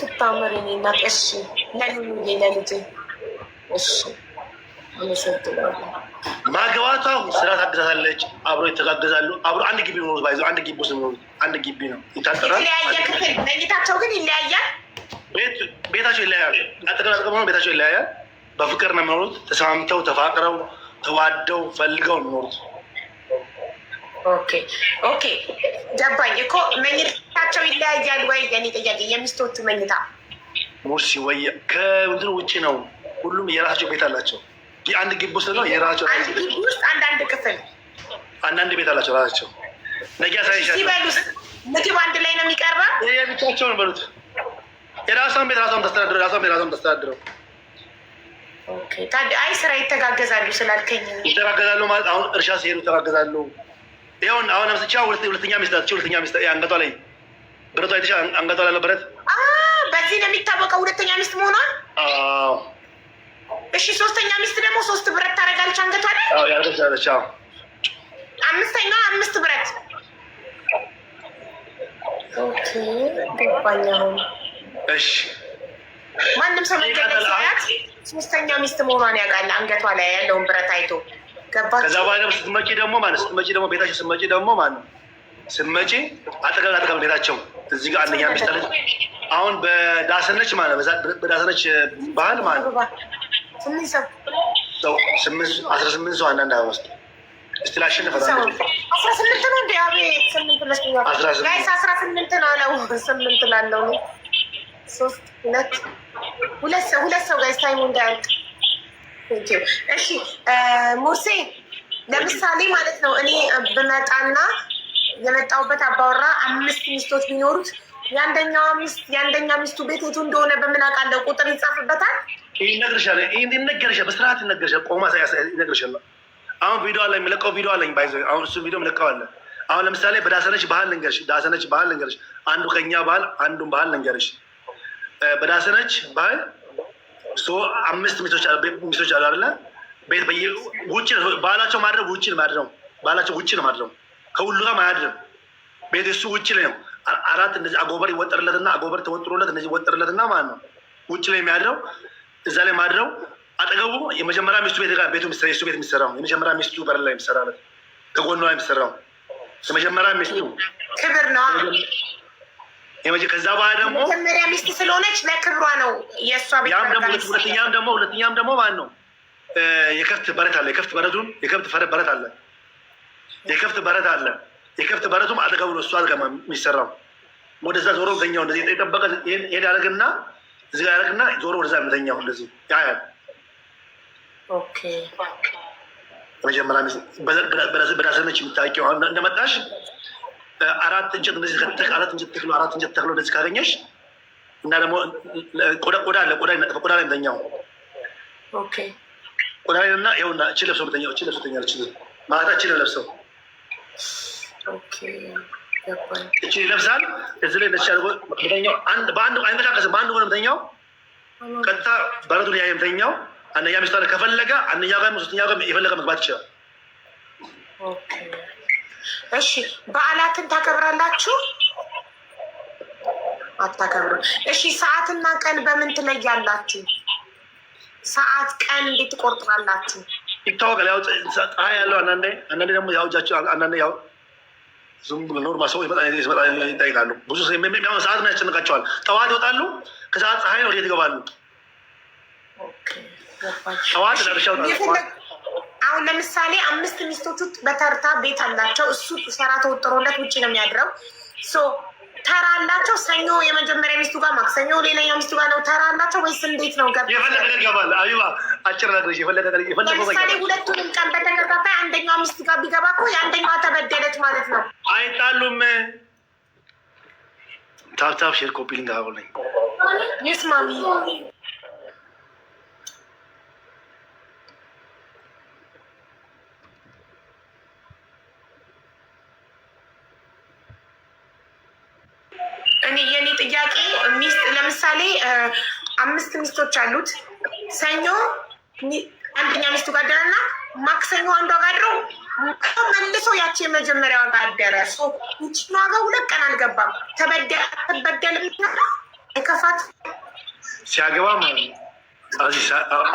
ስታምር እኔ ማግባቷ ስራ ታግዛታለች፣ አብሮ ይተጋገዛሉ። አብሮ አንድ ግቢ ነው፣ ባይዞ አንድ ግቢ ውስጥ አንድ ግቢ ነው። ይታጠራል። ግን ይለያያል፣ ቤታቸው ይለያያል። ቤታቸው ይለያያል። በፍቅር ነው የሚኖሩት፣ ተስማምተው ተፋቅረው ተዋደው ፈልገው ኖሩት። ኦኬ ኦኬ፣ ገባኝ እኮ መኝታቸው ይለያያል ወይ? የኔ ጥያቄ የሚስቶቹ መኝታ ሙርሲ ወይ ከእንትን ውጭ ነው። ሁሉም የራሳቸው ቤት አላቸው። አንድ ግቢ ውስጥ ነው የራሳቸው ግቢ ውስጥ አንዳንድ ክፍል አንዳንድ ቤት አላቸው ራሳቸው። ነገ ሲበሉስ ምግብ አንድ ላይ ነው የሚቀርበ ብቻቸውን በሉት። የራሷን ቤት ራሷም ተስተዳድረው የራሷን ቤት ራሷም ተስተዳድረው አይ ስራ ይተጋገዛሉ ስላልከኝ ይተጋገዛሉ ማለት አሁን እርሻ ሲሄዱ ይተጋገዛሉ ይሁን አሁን አምስቻ ሁለተኛ ሚስት ናት። ሁለተኛ ሚስት አንገቷ ላይ ብረቷ አይተሻ አንገቷ ላይ ነበረት። በዚህ ነው የሚታወቀው ሁለተኛ ሚስት መሆኗን። እሺ ሶስተኛ ሚስት ደግሞ ሶስት ብረት ታደርጋለች አንገቷ ላይ። አምስተኛ አምስት ብረት እሺ ማንም ሰው ሶስተኛ ሚስት መሆኗን ያውቃል። አንገቷ ላይ ያለውን ብረት አይቶ ከዛ በኋላ ስትመጪ ደግሞ ማለት ስትመጪ ደግሞ ቤታቸው ስትመጪ ደግሞ ማለት ስትመጪ አጠገብ አጠገብ ቤታቸው እዚህ ጋር አንደኛ ሚስታለች አሁን በዳሰነች ማለት በዳሰነች ባህል ማለት አስራ ስምንት ሰው አንዳንድ ውስጥ አስራ ስምንት ነው አቤት ስምንት አስራ ስምንት ነው አለው ስምንት ላለው ሁለት ሰው ጋይስ ታይሙ እንዳያልቅ እሺ ሙርሴ ለምሳሌ ማለት ነው እኔ ብመጣና የመጣሁበት አባወራ አምስት ሚስቶች ቢኖሩት የአንደኛዋ ሚስት የአንደኛ ሚስቱ ቤት የቱ እንደሆነ በምን አውቃለሁ? ቁጥር ይጻፍበታል። ይነግርሻል፣ ይነገርሻል፣ በስርዓት ይነገርሻል። ቆማ ይነግርሻል። አሁን ቪዲዮ አለ፣ የሚለቀው ቪዲዮ አለ። ባይዘ አሁን እሱ ቪዲዮ የሚለቀው አለ። አሁን ለምሳሌ በዳሰነች ባህል ልንገርሽ፣ ዳሰነች ባህል ልንገርሽ፣ አንዱ ከኛ ባህል አንዱን ባህል ልንገርሽ። በዳሰነች ባህል አምስት ሚስቶች አሉ አለ ቤት ውጭ ባህላቸው ማድረግ ውጭ ማድረው ባላቸው ውጭ ነው ማድረው ከሁሉ ጋር ማያድርም። ቤት እሱ ውጭ ላይ ነው። አራት እንደዚህ አጎበር ይወጠርለትና አጎበር ተወጥሮለት እንደዚህ ይወጠርለትና ማለት ነው ውጭ ላይ የሚያድረው እዛ ላይ ማድረው አጠገቡ የመጀመሪያ ሚስቱ ቤት ጋር ቤቱ እሱ ቤት የሚሰራው የመጀመሪያ ሚስቱ በር ላይ የሚሰራለት ከጎኗ የሚሰራው የመጀመሪያ ሚስቱ ክብር ነው ከዛ በኋላ ደግሞ መጀመሪያ ሚስት ስለሆነች ለክብሯ ነው የእሷ ቤት። ሁለተኛም ደግሞ ሁለተኛም ደግሞ ማን ነው የከፍት በረት አለ። የከፍት በረቱም የከፍት ፈረ በረት አለ። የከፍት በረት አለ። የከፍት በረቱም አጠገቡ ነው። እሱ አጠገ የሚሰራው ወደዛ ዞሮ ተኛው። እንደዚህ የጠበቀ ሄድ ያደረግና እዚህ ጋር ያደረግና ዞሮ ወደዛ ተኛው። እንደዚህ ያያል። መጀመሪያ በዳሰነች የምታውቂው እንደመጣሽ አራት እንጨት እንደዚህ ከተክ አራት እንጨት ተክሎ አራት እንጨት ተክሎ እንደዚህ ካገኘሽ እና ደግሞ ቆዳ ቆዳ አለ ቆዳ ይነጠፈ ቆዳ ላይ ኦኬ ቆዳ ላይ እና ይኸውና እቺ ለብሰው ምተኛው እቺ ለብሰው ተኛለች። ማታ እቺ ለብሰው እቺ ለብሳል እዚህ ላይ ነች አድርጎ ምተኛው በአንድ አይንቀሳቀስም። በአንድ ሆነ ምተኛው ቀጥታ በረቱን ያ የምተኛው አንደኛ ሚስቱ ከፈለገ አንደኛ ጋር ሶስተኛ ጋር የፈለገ መግባት ይችላል። ኦኬ እሺ፣ በዓላትን ታከብራላችሁ? አታከብሩ። እሺ፣ ሰዓትና ቀን በምን ትለያላችሁ? ሰዓት ቀን እንዴት ትቆርጥራላችሁ? ይታወቃል። ያው ፀሐይ ያለው አንዳንዴ አንዳንዴ ደግሞ ያው እጃቸው አንዳንዴ ያው ዝም ብሎ ኖርማ ሰው ይጠይቃሉ። ብዙ ሰዓት ነው ያስጨንቃቸዋል። ጠዋት ይወጣሉ፣ ከሰዓት ፀሐይ ነው ወዴት ይገባሉ። ጠዋት ለብሻ አሁን ለምሳሌ አምስት ሚስቶቹ በተርታ ቤት አላቸው። እሱ ሰራ ተወጥሮለት ውጭ ነው የሚያድረው። ተራ አላቸው። ሰኞ የመጀመሪያ ሚስቱ ጋር፣ ማክሰኞ ሌላኛው ሚስቱ ጋር ነው ተራ አላቸው ወይስ እንዴት ነው? ገባ ለምሳሌ ሁለቱንም ቀን በተከታታይ አንደኛዋ ሚስት ጋር ቢገባ እኮ የአንደኛዋ ተበደለች ማለት ነው። አይጣሉም። ታብታብ ሼር ኮፒ ልንግ ይስማሚ ጥያቄ ሚስት ለምሳሌ አምስት ሚስቶች አሉት። ሰኞ አንደኛ ሚስቱ ጋር አደረና ማክሰኞ አንዷ ጋር አድረው መልሶ ያቺ የመጀመሪያዋ ጋር አደረ። ይቺን ዋጋ ሁለት ቀን አልገባም ተበደል የከፋት ሲያገባ ማለት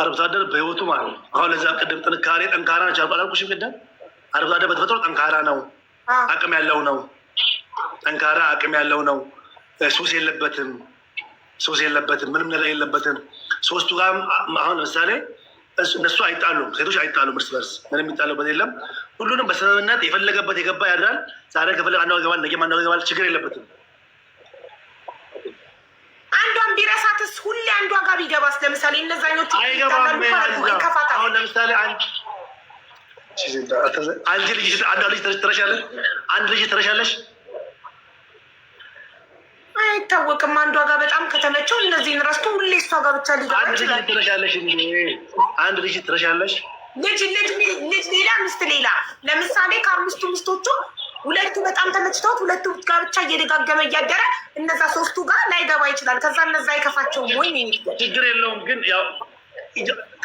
አርብቶ አደር በህይወቱ ማለት ነው። አሁን ለዛ ቅድም ጥንካሬ ጠንካራ ነች አልኩሽም። ቅድም አርብቶ አደር በተፈጥሮ ጠንካራ ነው፣ አቅም ያለው ነው። ጠንካራ አቅም ያለው ነው። ሱስ የለበትም፣ ሱስ የለበትም፣ ምንም ነገር የለበትም። ሶስቱ ጋር አሁን ለምሳሌ እነሱ አይጣሉም፣ ሴቶች አይጣሉም፣ እርስ በርስ ምንም የሚጣሉበት የለም። ሁሉንም በስምምነት የፈለገበት የገባ ያድራል። ዛሬ ከፈለገ አንዷ ገባል፣ ነገ አንዷ ገባል፣ ችግር የለበትም። አንዷን ቢረሳትስ ሁሌ አንዷ ጋር ቢገባስ? ለምሳሌ እነዛኞቹ አይገባም። ለምሳሌ አንድ ልጅ አንድ ልጅ ትረሻለሽ፣ አንድ ልጅ ትረሻለሽ አይታወቅም። አንዷ ጋር በጣም ከተመቸው እነዚህን ረስቶ ሁሌ እሷ ጋር ብቻ ልጅ አንድ ልጅ ትረሻለሽ። ልጅ ልጅ ልጅ ሌላ ሚስት ሌላ። ለምሳሌ ከአምስቱ ሚስቶቹ ሁለቱ በጣም ተመችተውት ሁለቱ ጋር ብቻ እየደጋገመ እያደረ እነዛ ሶስቱ ጋር ላይገባ ይችላል። ከዛ እነዛ አይከፋቸውም ወይ ችግር የለውም። ግን ያው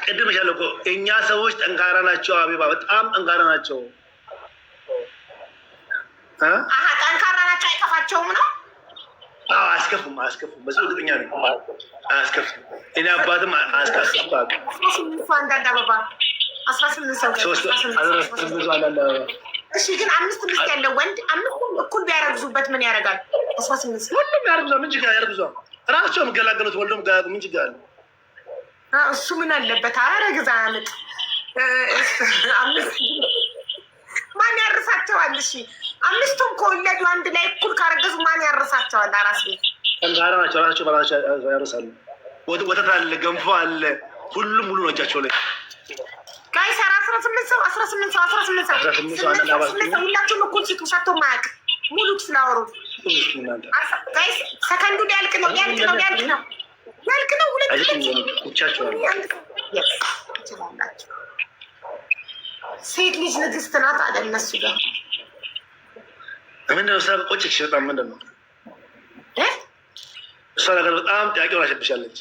ቅድም ሻለ እኛ ሰዎች ጠንካራ ናቸው። አቢባ በጣም ጠንካራ ናቸው። ጠንካራ ናቸው፣ አይከፋቸውም ነው አያስከፉም፣ አያስከፉም። በዚህ እርግጠኛ ነኝ። አያስከፉም። እኔ አባትም እሺ። ግን አምስት ምስት ያለው ወንድ እኩል ቢያረግዙበት ምን ያደርጋል? አስራ ስምንት ሁሉም ያረግዟ፣ ምን ችግር ያረግዟ፣ ራሳቸው የሚገላገሉት ወልዶም ምን ችግር አለ? እሱ ምን አለበት? አረግዛ አምጥ አምስት ማን ያርሳቸዋል? እሺ አምስቱን ከወለዱ አንድ ላይ እኩል ካረገዙ ማን ያርሳቸዋል? አራስ ቤት ጠንካራ ራሳቸው በራሳቸው ያርሳሉ። ወተት አለ፣ ገንፎ አለ፣ ሁሉም ሙሉ ነው እጃቸው ላይ ጋይስ። አስራ ስምንት ሰው አስራ ስምንት ሰው አስራ ስምንት ሰው ሁላችሁም እኩል ሲቱ ሰጥቶ ማያውቅ ሙሉ ስላወሩ ጋይስ፣ ሰከንዱ ሊያልቅ ነው፣ ሊያልቅ ነው፣ ሊያልቅ ነው፣ ሊያልቅ ነው። ሁለት ሁለት ይችላላቸው ሴት ልጅ ንግስት ናት አለ እነሱ ጋር ምንድን ስራ ቆጭሽ? በጣም እሷ ነገር በጣም ጥያቄ ሆናሸብሻለች።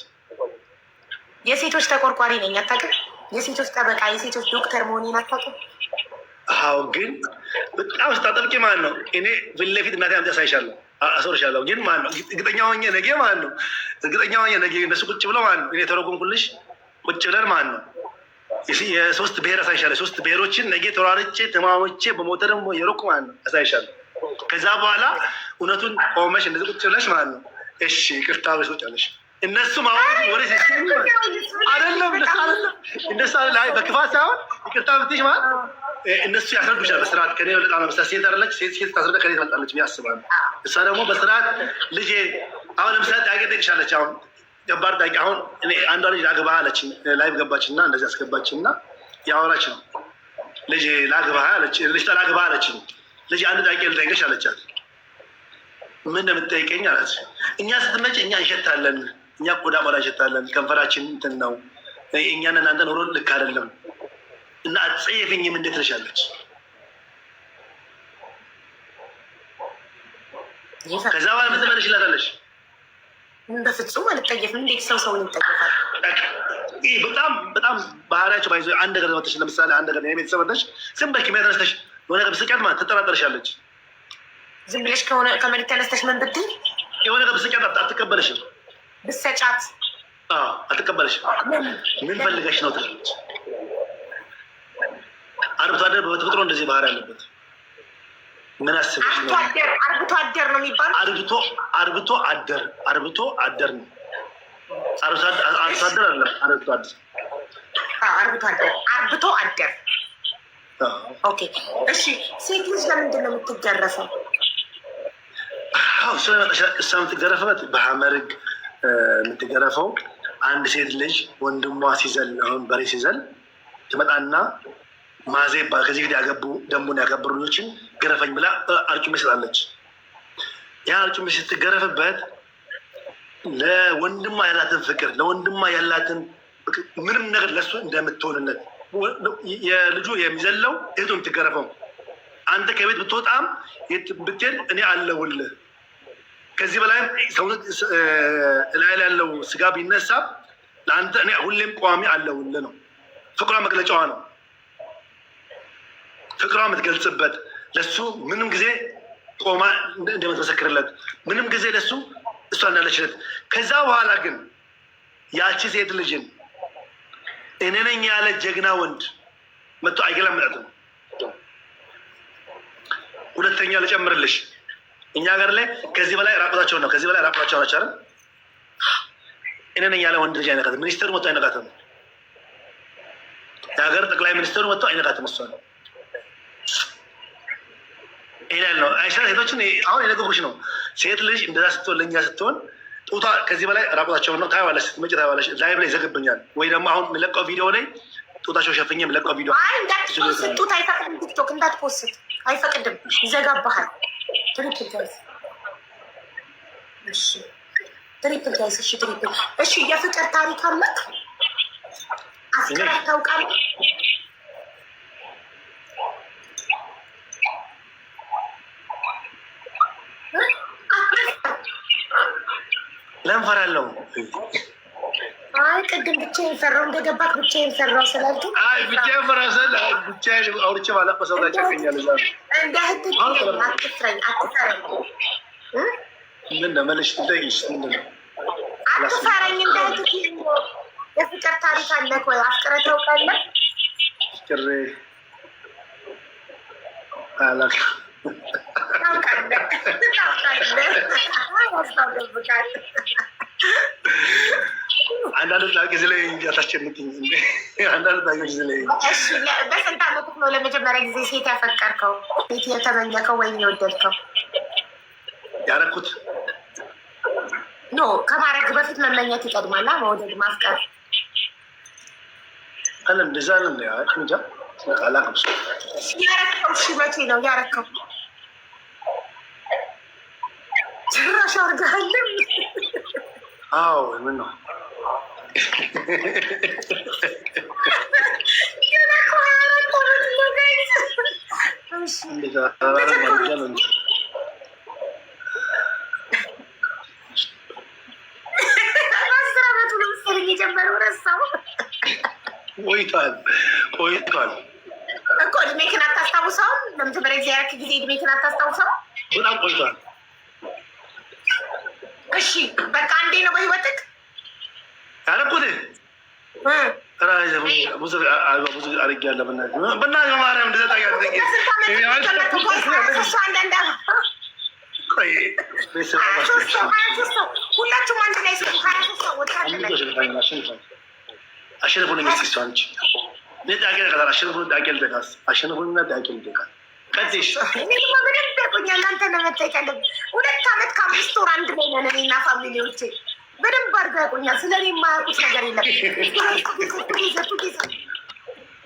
የሴቶች ተቆርቋሪ ነኝ አታውቅም? የሴቶች ጠበቃ፣ የሴቶች ዶክተር መሆኔን አታውቅም? አዎ፣ ግን በጣም ስታጠብቂ ማለት ነው። እኔ ፊት ለፊት እናቴ አምጪ አሳይሻለሁ፣ ግን ማለት ነው እርግጠኛ ሆኜ ነገ ማለት ነው እርግጠኛ ሆኜ ነገ እነሱ ቁጭ ብለው ማለት ነው እኔ ተረጉምኩልሽ ቁጭ ብለን ማለት ነው የሶስት ብሔር አሳይሻለ ሶስት ብሔሮችን ነጌ ተሯርጬ ተማምቼ በሞተር ደግሞ የሮቅ ማለት ነው አሳይሻለሁ። ከዛ በኋላ እውነቱን ቆመሽ እንደዚ ቁጭ ብለሽ ማለት ነው። እሺ ቅርታ ብለሽ ቁጭ ብለሽ እነሱ ማወቅ ወደ አይደለም እነሱ ላይ በክፋት ሳይሆን ይቅርታ ብትሽ ማለት እነሱ ያስረዱሻል በስርዓት ከኔ በለጣ ነው። ሴት አለች ሴት ሴት ታስረዳ ከኔ ትበልጣለች ያስባሉ። እሷ ደግሞ በስርዓት ልጄ አሁን ለምሳሌ ዳገ ደግሻለች አሁን ከባድ ዳቂ አሁን እኔ አንዷ ልጅ ላግባህ አለች። ገባች እና እንደዚህ አስገባች አስገባችና ያወራች ነው ልጅ ላግባ አለች። ልጅ ላግባህ አለች። ልጅ አንድ ዳቂ ልጠይቀሽ አለቻት። ምን እንደምትጠይቀኝ አላት። እኛ ስትመጭ እኛ እንሸታለን፣ እኛ ቆዳ ቆዳ እንሸታለን። ከንፈራችን እንትን ነው። እኛን እናንተ ኖሮ ልክ አይደለም እና አትጸየፍኝም እንዴት ትልሻለች። ከዛ በኋላ ምትመለሽ ይላታለች በፍጹም አልጠየፍም። እንዴት ሰው ሰውን ይጠየፋል? ይህ በጣም በጣም ባህሪያቸው ባይዞ አንድ ነገር መተሽ ለምሳሌ አንድ ነገር የቤተሰብ ነሽ ዝም በኪ ተነስተሽ የሆነ ነገር ብስቂያት ማለት ትጠራጠርሻለች። ዝም ብለሽ ከሆነ ከመሬት ተነስተሽ ምን ብትይ የሆነ ነገር ብስቂያት አትቀበለሽም። ብሰጫት አትቀበለሽም። ምን ፈልገሽ ነው ትላለች። አርብቶ አደር በተፈጥሮ እንደዚህ ባህሪ አለበት። ምን አስበሽ ነው? አርብቶ አደር ነው የሚባለው። አርብቶ አርብቶ አደር አርብቶ አደር ነው። አርብቶ አደር አለ። አርብቶ አደር አርብቶ አደር አርብቶ አደር። ኦኬ እሺ። ሴት ልጅ ለምንድን ነው የምትገረፈው? አዎ እሷ የምትገረፈበት በሀመርግ የምትገረፈው አንድ ሴት ልጅ ወንድሟ ሲዘል፣ አሁን በሬ ሲዘል ትመጣና ይባል ከዚህ ጊዜ ያገቡ ደንቡን ያከበሩ ልጆችን ገረፈኝ ብላ አርጩሜ ስላለች፣ ያ አርጩሜ ስትገረፍበት ለወንድማ ያላትን ፍቅር ለወንድማ ያላትን ምንም ነገር ለሱ እንደምትሆንነት የልጁ የሚዘለው እህቱ የምትገረፈው አንተ ከቤት ብትወጣም ብትሄድ እኔ አለሁልህ። ከዚህ በላይም ሰውነት ላይ ያለው ስጋ ቢነሳ ለአንተ እኔ ሁሌም ቋሚ አለሁልህ ነው። ፍቅሯ መግለጫዋ ነው። ፍቅሯ የምትገልጽበት ለሱ ምንም ጊዜ ቆማ እንደምትመሰክርለት ምንም ጊዜ ለሱ እሷ እንዳለችለት። ከዛ በኋላ ግን ያቺ ሴት ልጅን እኔ ነኝ ያለ ጀግና ወንድ መጥቶ አይገላምጣትም። ሁለተኛ ልጨምርልሽ፣ እኛ ሀገር ላይ ከዚህ በላይ ራቁታቸውን ነው ከዚህ በላይ ራቁታቸውን ናቸው እኔ ነኝ ያለ ወንድ ልጅ አይነካትም። ሚኒስትሩ መጥቶ አይነካትም። የሀገር ጠቅላይ ሚኒስትሩ መጥቶ አይነካትም። እሷ ነው ይላል ነው አይሻ ሴቶችን አሁን የነገርኩሽ ነው። ሴት ልጅ እንደዛ ስትሆን ለእኛ ስትሆን ጡቷ ከዚህ በላይ ራቁታቸውን ነው ታይዋለሽ፣ ስትመጪ ታይዋለሽ። ላይቭ ላይ ይዘግብኛል ወይ ደግሞ አሁን ለቀው ቪዲዮ ላይ ጡታቸው ሸፍኜ ለቀው ቪዲዮ እንዳትፖስት፣ ጡት አይፈቅድም። ቲክቶክ እንዳትፖስት አይፈቅድም፣ ይዘጋባሃል። ትሪፕል ጋይስ፣ እሺ፣ ትሪፕል ጋይስ፣ እሺ፣ ትሪፕል እሺ። የፍቅር ታሪክ አመት አፍቅረህ ታውቃለህ? ለምፈራለው አይ ቅድም ብቻዬን ፈራሁ። እንደገባክ ብቻዬን ፈራሁ ስላልኩ አይ ብቻዬን ፈራሁ ስለ ብቻዬን አውርቼ ባላውቀው ሰው ጋር ጨቀኛል። እንደ ህግ አትፍረኝ፣ እንደ የፍቅር ታሪክ አለህ ወይ? አፍቅረህ ታውቃለህ? ፍቅሬ አላውቅም አንዳንድ ላይ አታስጨንቅኝ። አንዳንድ ላይ በስንት አመት ነው ለመጀመሪያ ጊዜ ሴት ያፈቀርከው? ሴት የተመኘከው ወይም የወደድከው? ያረኩት ኖ በፊት መመኘት ይቀድማላ። መውደድ ማፍቀር አለም እንደዛ ነው። ያረከው መቼ ነው ያረከው? ጭራሽ አድርገሃልም። አዎ ምን ነው ቆይቷል ቆይቷል እኮ እድሜክን አታስታውሰውም? ለምትበረ ጊዜ ጊዜ እድሜክን አታስታውሰውም? በጣም ቆይቷል። በቃ አንዴ ነው በህይወትህ ያለኩት ብዙ አድርጌያለሁ። በእናትህ በማርያም እንደዚያ ሁላችሁም አንድ ላይ አሸንፉን የሚስቸው አንቺ አንተ ነው መታየት ያለብህ። ሁለት ዓመት ከአምስት ወር አንድ ላይ ነን እኔና ፋሚሊዎቼ በደንብ አድርገህ ያቆኛል። ስለ እኔ የማያውቁት ነገር የለም።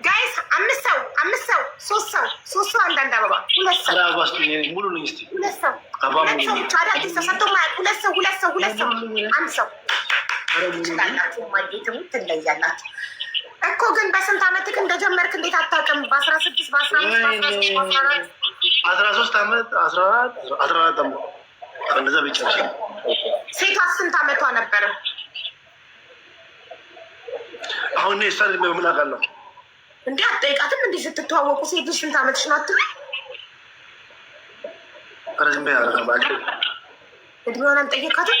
ጋይስ አምስት ሰው አምስት ሰው ሶስት ሰው ሶስት ሰው አንዳንድ አበባ ሁለት ሰው ሁለት ሰው አዳዲስ ሰው ሰጥቶ የማያውቅ ሁለት ሰው ሁለት ሰው ሁለት ሰው አንድ ሰው ትችላላችሁ። ማጌትሙ ትለያላችሁ እኮ ግን በስንት አመት ግን እንደጀመርክ እንዴት አታውቅም? በአስራ ስድስት በአስራ አስራ ሶስት አመት አስራ አራት አስራ አራት እንደዛ ቢጨርሽ ሴቷ ስንት አመቷ ነበረ? አሁን እኔ እሷን እድሜ ምን አውቃለሁ? እንዲ አትጠይቃትም? እንዲህ ስትተዋወቁ ሴት ልጅ ስንት ዓመትሽ ነው አትልም? ረዝሜ ያረባል እድሜ ሆነን ጠየቃትም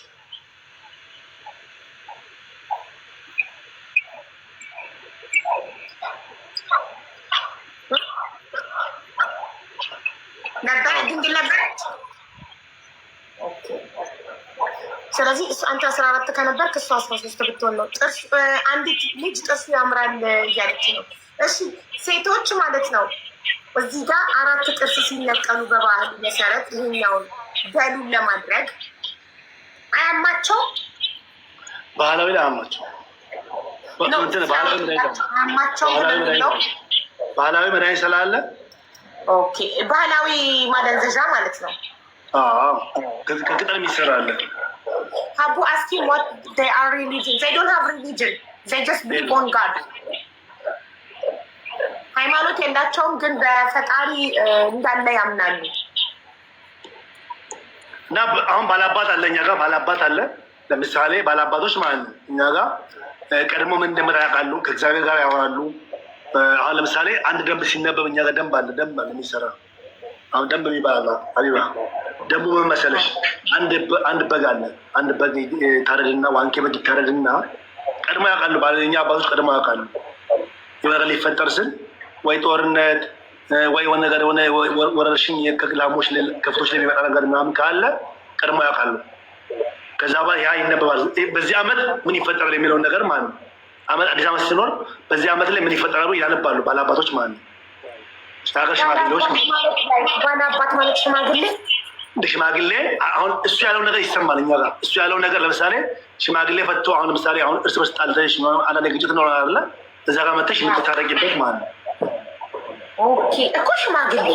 ስለዚህ እሱ አንተ አስራ አራት ከነበርክ እሱ አስራ ሶስት ብትሆን ነው። አንዲት ልጅ ጥርሱ ያምራል እያለች ነው። እሺ ሴቶች ማለት ነው እዚህ ጋር አራት ጥርስ ሲነቀሉ በባህል መሰረት ይህኛውን በሉን ለማድረግ አያማቸው ባህላዊ ላይ አያማቸው ባህላዊ መድኃኒት ስላለ ባህላዊ ማደንዘዣ ማለት ነው ከቅጠል የሚሰራለን Habu asked him what they are religion. They don't have religion. They just believe on God. ሃይማኖት የላቸውም ግን በፈጣሪ እንዳለ ያምናሉ። እና አሁን ባላባት አለ እኛ ጋር ባላባት አለ። ለምሳሌ ባላባቶች ማለት እኛ ጋር ቀድሞ ምን እንደምራ ያውቃሉ፣ ከእግዚአብሔር ጋር ያወራሉ። አሁን ለምሳሌ አንድ ደንብ ሲነበብ እኛ ጋር ደንብ አለ፣ ደንብ አለ የሚሰራ አሁን ደንብ የሚባል አለ ደግሞ ምን አንድ በግ አለ። አንድ በግ ታረድና ዋንኬ በግ ይታረድና ቀድሞ ያውቃሉ፣ ባለኛ አባቶች ቀድሞ ያውቃሉ። የሆነ ሊፈጠር ስል ወይ ጦርነት ወይ ሆነ ነገር የሆነ ወረርሽኝ ላሞች፣ ከፍቶች ለሚመጣ ነገር ምናምን ካለ ቀድሞ ያውቃሉ። ከዛ በኋላ ያ ይነበባል። በዚህ ዓመት ምን ይፈጠራል የሚለውን ነገር ማለት ነው። አዲስ ዓመት ሲኖር በዚህ ዓመት ላይ ምን ይፈጠራሉ ያነባሉ ባለአባቶች ማለት ነው። ሀገር ሽማግሌዎች ባለአባት ማለት ሽማግሌ እንደ ሽማግሌ አሁን እሱ ያለው ነገር ይሰማል እኛ ጋር እሱ ያለው ነገር ለምሳሌ ሽማግሌ ፈቶ አሁን ለምሳሌ አሁን እርስ በርስ ጣልተሽ አንዳንድ ግጭት ነው አለ እዛ ጋር መተሽ የምትታረቂበት ማለት ነው። ኦኬ እኮ ሽማግሌ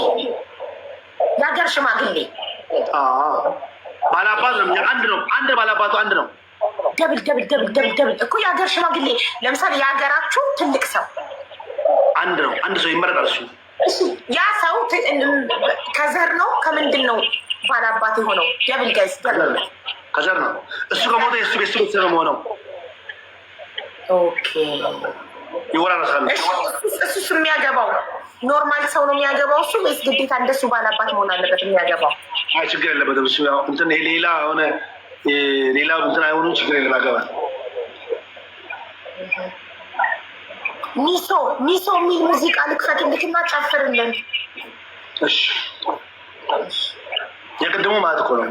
የሀገር ሽማግሌ ባላባት ነው አንድ ነው አንድ ባላባቱ አንድ ነው። ደብል ደብል ደብል ደብል ደብል እኮ የሀገር ሽማግሌ ለምሳሌ የሀገራችሁ ትልቅ ሰው አንድ ነው አንድ ሰው ይመረጣል እሱ ያ ሰው ከዘር ነው ከምንድን ነው ባላባት የሆነው? ደብል ጋይስ ከዘር ነው እሱ ከሞተ የሱ ቤተሰብ ነው የሆነው። እሱስ የሚያገባው ኖርማል ሰው ነው የሚያገባው እሱ ወይስ ግዴታ እንደሱ ባላባት መሆን አለበት የሚያገባው? አይ ችግር የለበትም እሱ እንትን ሌላ ሆነ ሌላ እንትን አይሆኑም ችግር የለም ያገባል። ሚሶ ሚሶ የሚል ሙዚቃ ልክፈትልክና ጨፍርልን። የቅድሙ ማለት እኮ ነው።